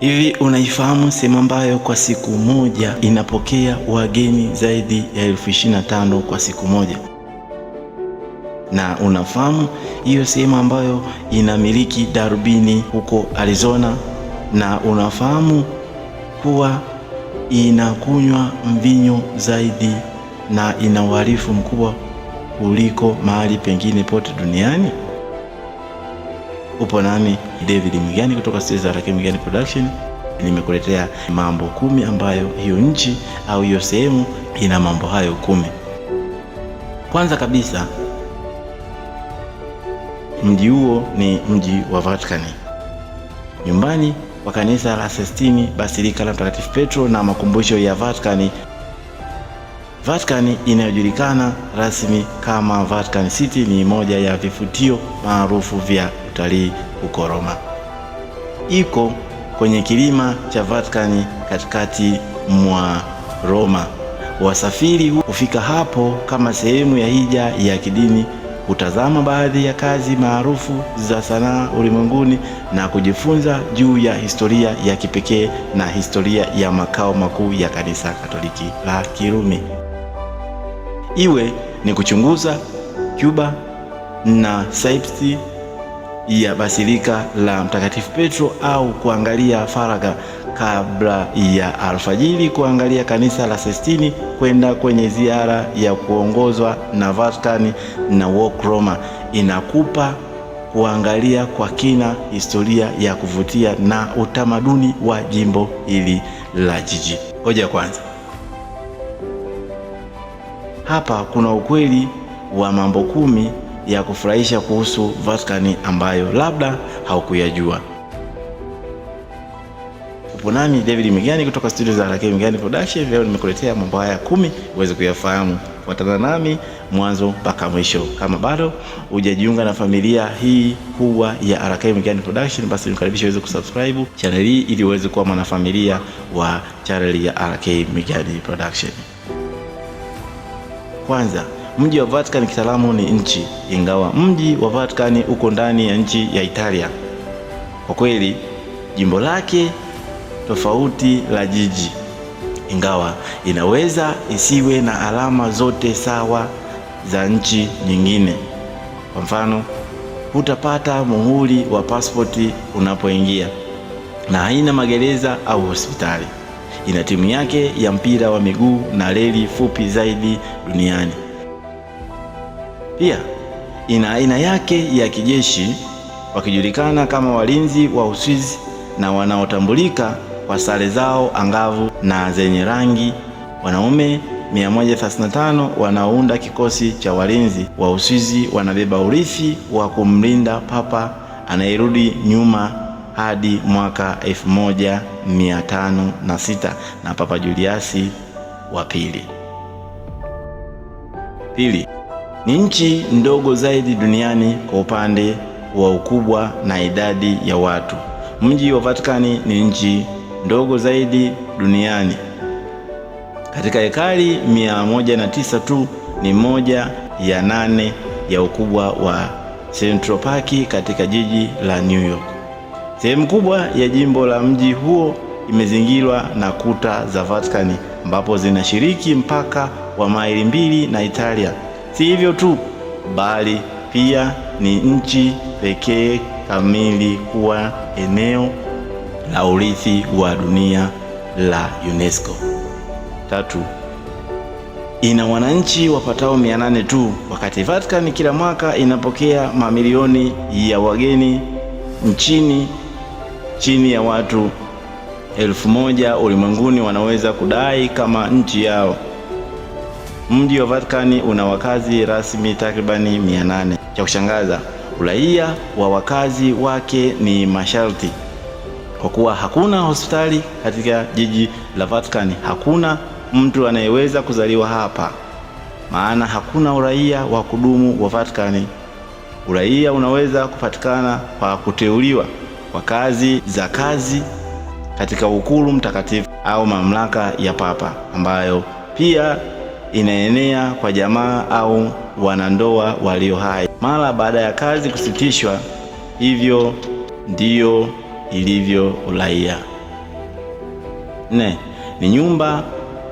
Hivi unaifahamu sehemu ambayo kwa siku moja inapokea wageni zaidi ya elfu ishirini na tano kwa siku moja? Na unafahamu hiyo sehemu ambayo inamiliki darubini huko Arizona? Na unafahamu kuwa inakunywa mvinyo zaidi na ina uhalifu mkubwa kuliko mahali pengine pote duniani? Upo nami David Mgani kutoka Sizarake Mgani Production, nimekuletea mambo kumi ambayo hiyo nchi au hiyo sehemu ina mambo hayo kumi. Kwanza kabisa, mji huo ni mji wa Vatikani, nyumbani kwa kanisa la Sistine, basilika la Mtakatifu Petro na makumbusho ya Vatikani. Vatican inayojulikana rasmi kama Vatican City ni moja ya vivutio maarufu vya utalii huko Roma. Iko kwenye kilima cha Vatikani katikati mwa Roma. Wasafiri hufika hapo kama sehemu ya hija ya kidini, kutazama baadhi ya kazi maarufu za sanaa ulimwenguni na kujifunza juu ya historia ya kipekee na historia ya makao makuu ya Kanisa Katoliki la Kirumi. Iwe ni kuchunguza Cuba na Saipsi ya basilika la Mtakatifu Petro au kuangalia faraga kabla ya alfajiri, kuangalia kanisa la Sestini, kwenda kwenye ziara ya kuongozwa na Vatican na Walk Roma, inakupa kuangalia kwa kina historia ya kuvutia na utamaduni wa jimbo hili la jiji. Hoja kwanza, hapa kuna ukweli wa mambo kumi ya kufurahisha kuhusu Vatikani ambayo labda haukuyajua. Upo nami David Migani kutoka studio za RK Migani Production. Leo nimekuletea mambo haya kumi uweze kuyafahamu. Fuatana nami mwanzo mpaka mwisho. Kama bado hujajiunga na familia hii kubwa ya RK Mgani Production, basi nikukaribisha uweze kusubscribe channel hii ili uweze kuwa mwanafamilia wa channel ya RK mgani Production. Kwanza Mji wa Vatican kitaalamu ni nchi, ingawa mji wa Vatican uko ndani ya nchi ya Italia. Kwa kweli jimbo lake tofauti la jiji, ingawa inaweza isiwe na alama zote sawa za nchi nyingine. Kwa mfano, hutapata muhuri wa pasipoti unapoingia, na haina magereza au hospitali. Ina timu yake ya mpira wa miguu na reli fupi zaidi duniani. Pia ina aina yake ya kijeshi, wakijulikana kama walinzi wa Uswizi na wanaotambulika kwa sare zao angavu na zenye rangi. Wanaume 135 wanaounda kikosi cha walinzi wa Uswizi wanabeba urithi wa kumlinda papa anayerudi nyuma hadi mwaka 1506 na Papa Juliasi wa pili. Pili, ni nchi ndogo zaidi duniani kwa upande wa ukubwa na idadi ya watu. Mji wa Vatikani ni nchi ndogo zaidi duniani. Katika ekari mia moja na tisa tu, ni moja ya nane ya ukubwa wa Central Park katika jiji la New York. Sehemu kubwa ya jimbo la mji huo imezingirwa na kuta za Vatikani ambapo zinashiriki mpaka wa maili mbili na Italia. Si hivyo tu, bali pia ni nchi pekee kamili kuwa eneo la urithi wa dunia la UNESCO. Tatu, ina wananchi wapatao 800 tu, wakati Vatican kila mwaka inapokea mamilioni ya wageni nchini. Chini ya watu elfu moja ulimwenguni wanaweza kudai kama nchi yao. Mji wa Vatikani una wakazi rasmi takribani 800. Cha kushangaza, uraia wa wakazi wake ni masharti, kwa kuwa hakuna hospitali katika jiji la Vatikani. Hakuna mtu anayeweza kuzaliwa hapa, maana hakuna uraia wa kudumu wa Vatikani. Uraia unaweza kupatikana kwa kuteuliwa kwa kazi za kazi katika ukulu mtakatifu au mamlaka ya Papa ambayo pia inaenea kwa jamaa au wanandoa walio hai mara baada ya kazi kusitishwa. Hivyo ndiyo ilivyo uraia. Nne, ni nyumba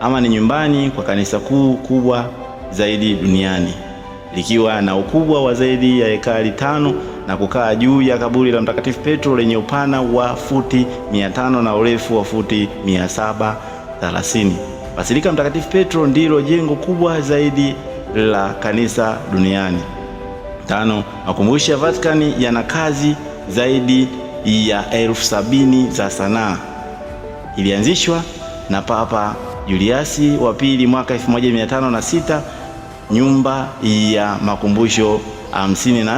ama ni nyumbani kwa kanisa kuu kubwa zaidi duniani likiwa na ukubwa wa zaidi ya ekari tano na kukaa juu ya kaburi la Mtakatifu Petro lenye upana wa futi mia tano na urefu wa futi mia saba thelathini. Basilika Mtakatifu Petro ndilo jengo kubwa zaidi la kanisa duniani. Tano, makumbusho ya Vatikani yana kazi zaidi ya elfu sabini za sanaa. Ilianzishwa na Papa Juliasi wa pili mwaka 1506. Nyumba ya makumbusho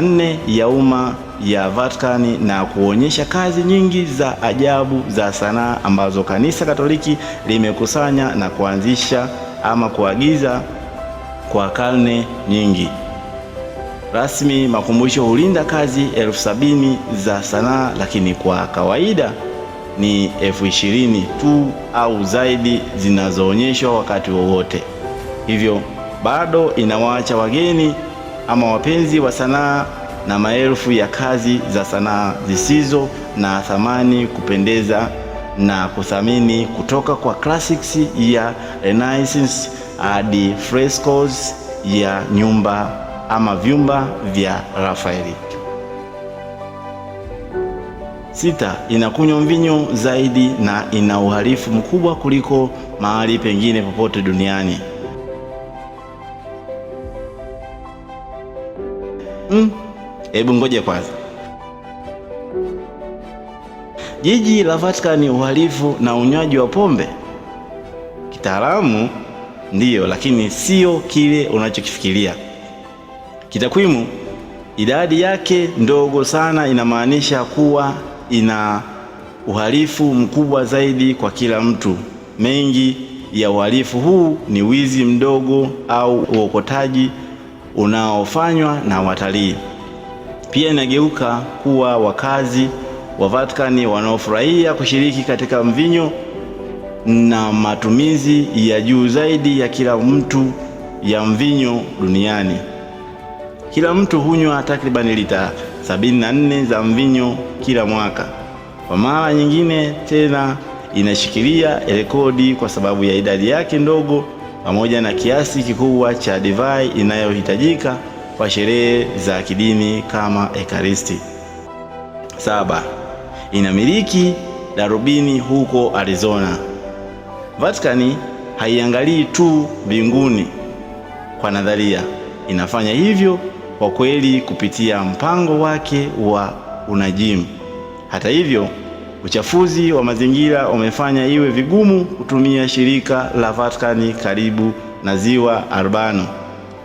nne ya umma ya Vatikani na kuonyesha kazi nyingi za ajabu za sanaa ambazo Kanisa Katoliki limekusanya na kuanzisha ama kuagiza kwa karne nyingi. Rasmi, makumbusho hulinda kazi elfu sabini za sanaa, lakini kwa kawaida ni elfu ishirini tu au zaidi zinazoonyeshwa wakati wowote. Hivyo bado inawaacha wageni ama wapenzi wa sanaa na maelfu ya kazi za sanaa zisizo na thamani kupendeza na kuthamini kutoka kwa classics ya Renaissance hadi frescoes ya nyumba ama vyumba vya Rafaeli. Sita, inakunywa mvinyo zaidi na ina uhalifu mkubwa kuliko mahali pengine popote duniani. Mm. Hebu mm, ngoje kwanza. Jiji la ni uhalifu na unywaji wa pombe kitaalamu ndiyo, lakini sio kile unachokifikiria. Kitakwimu, idadi yake ndogo sana inamaanisha kuwa ina uhalifu mkubwa zaidi kwa kila mtu. Mengi ya uhalifu huu ni wizi mdogo au uokotaji unaofanywa na watalii. Pia inageuka kuwa wakazi wa Vatikani wanaofurahia kushiriki katika mvinyo na matumizi ya juu zaidi ya kila mtu ya mvinyo duniani. Kila mtu hunywa takribani lita 74 za mvinyo kila mwaka. Kwa mara nyingine tena inashikilia rekodi kwa sababu ya idadi yake ndogo pamoja na kiasi kikubwa cha divai inayohitajika kwa sherehe za kidini kama Ekaristi. Saba, inamiliki darubini huko Arizona. Vatikani haiangalii tu mbinguni kwa nadharia, inafanya hivyo kwa kweli kupitia mpango wake wa unajimu. Hata hivyo Uchafuzi wa mazingira umefanya iwe vigumu kutumia shirika la Vatikani karibu na ziwa Albano.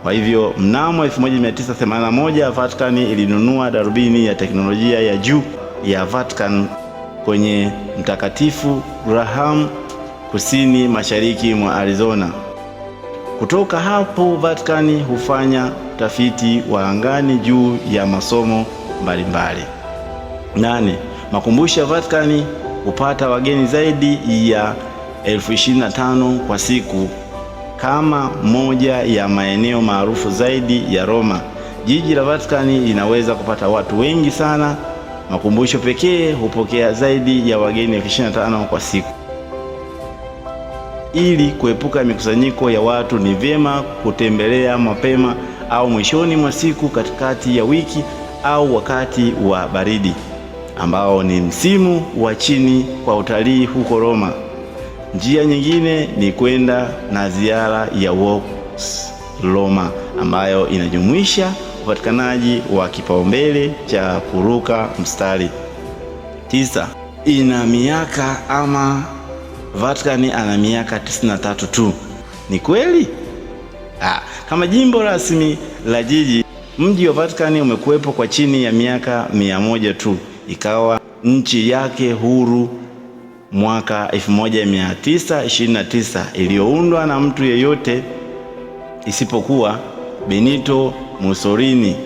Kwa hivyo mnamo 1981 Vatikani ilinunua darubini ya teknolojia ya juu ya Vatican kwenye Mtakatifu Graham kusini mashariki mwa Arizona. Kutoka hapo Vatikani hufanya utafiti wa angani juu ya masomo mbalimbali. Nane, Makumbusho ya Vatikani hupata wageni zaidi ya elfu ishirini na tano kwa siku kama moja ya maeneo maarufu zaidi ya Roma. Jiji la Vatikani linaweza kupata watu wengi sana. Makumbusho pekee hupokea zaidi ya wageni elfu ishirini na tano kwa siku. Ili kuepuka mikusanyiko ya watu, ni vyema kutembelea mapema au mwishoni mwa siku, katikati ya wiki au wakati wa baridi ambao ni msimu wa chini kwa utalii huko Roma. Njia nyingine ni kwenda na ziara ya Walks Roma ambayo inajumuisha upatikanaji wa kipaumbele cha kuruka mstari. Tisa, ina miaka ama Vatikani ana miaka 93 tu. Ni kweli? Ah, kama jimbo rasmi la jiji, mji wa Vatican umekuwepo kwa chini ya miaka mia moja tu ikawa nchi yake huru mwaka 1929 iliyoundwa na mtu yeyote isipokuwa Benito Mussolini.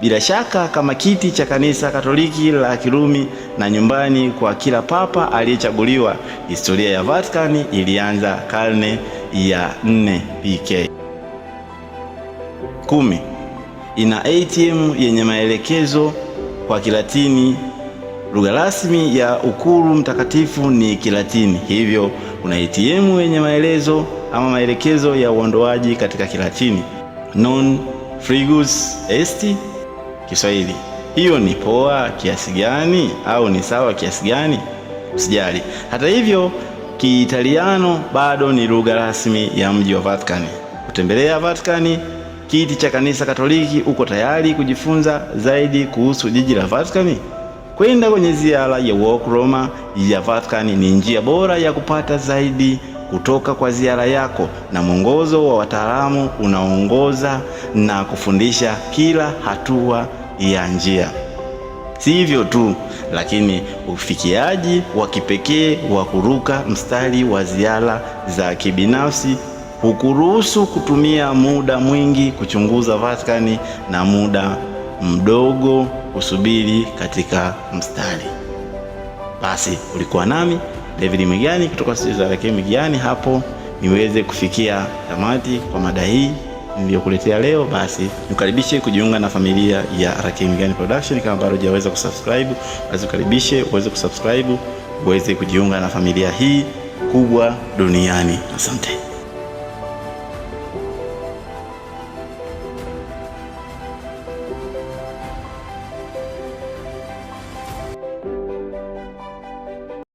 Bila shaka kama kiti cha kanisa Katoliki la Kirumi na nyumbani kwa kila papa aliyechaguliwa, historia ya Vatican ilianza karne ya 4 PK. Kumi. Ina ATM yenye maelekezo kwa Kilatini Lugha rasmi ya Ukuru Mtakatifu ni Kilatini, hivyo kuna ATM yenye maelezo ama maelekezo ya uondoaji katika Kilatini, non frigus est. Kiswahili hiyo ni poa kiasi gani au ni sawa kiasi gani? Usijali. Hata hivyo, Kiitaliano bado ni lugha rasmi ya mji wa Vatikani. Kutembelea Vatikani kiti cha kanisa Katoliki, uko tayari kujifunza zaidi kuhusu jiji la Vatikani? Kwenda kwenye ziara ya Walk Roma ya Vatican ni njia bora ya kupata zaidi kutoka kwa ziara yako, na mwongozo wa wataalamu unaongoza na kufundisha kila hatua ya njia. Si hivyo tu, lakini ufikiaji wa kipekee wa kuruka mstari wa ziara za kibinafsi hukuruhusu kutumia muda mwingi kuchunguza Vatican na muda mdogo usubiri katika mstari. Basi ulikuwa nami David Migani kutoka studio za Lekee mwigiani hapo niweze kufikia tamati kwa mada hii niliyokuletea leo. Basi nikukaribishe kujiunga na familia ya Lekee Migani Production. Kama bado hujaweza kusubscribe, basi ukaribishe uweze kusubscribe, uweze kujiunga na familia hii kubwa duniani. Asante.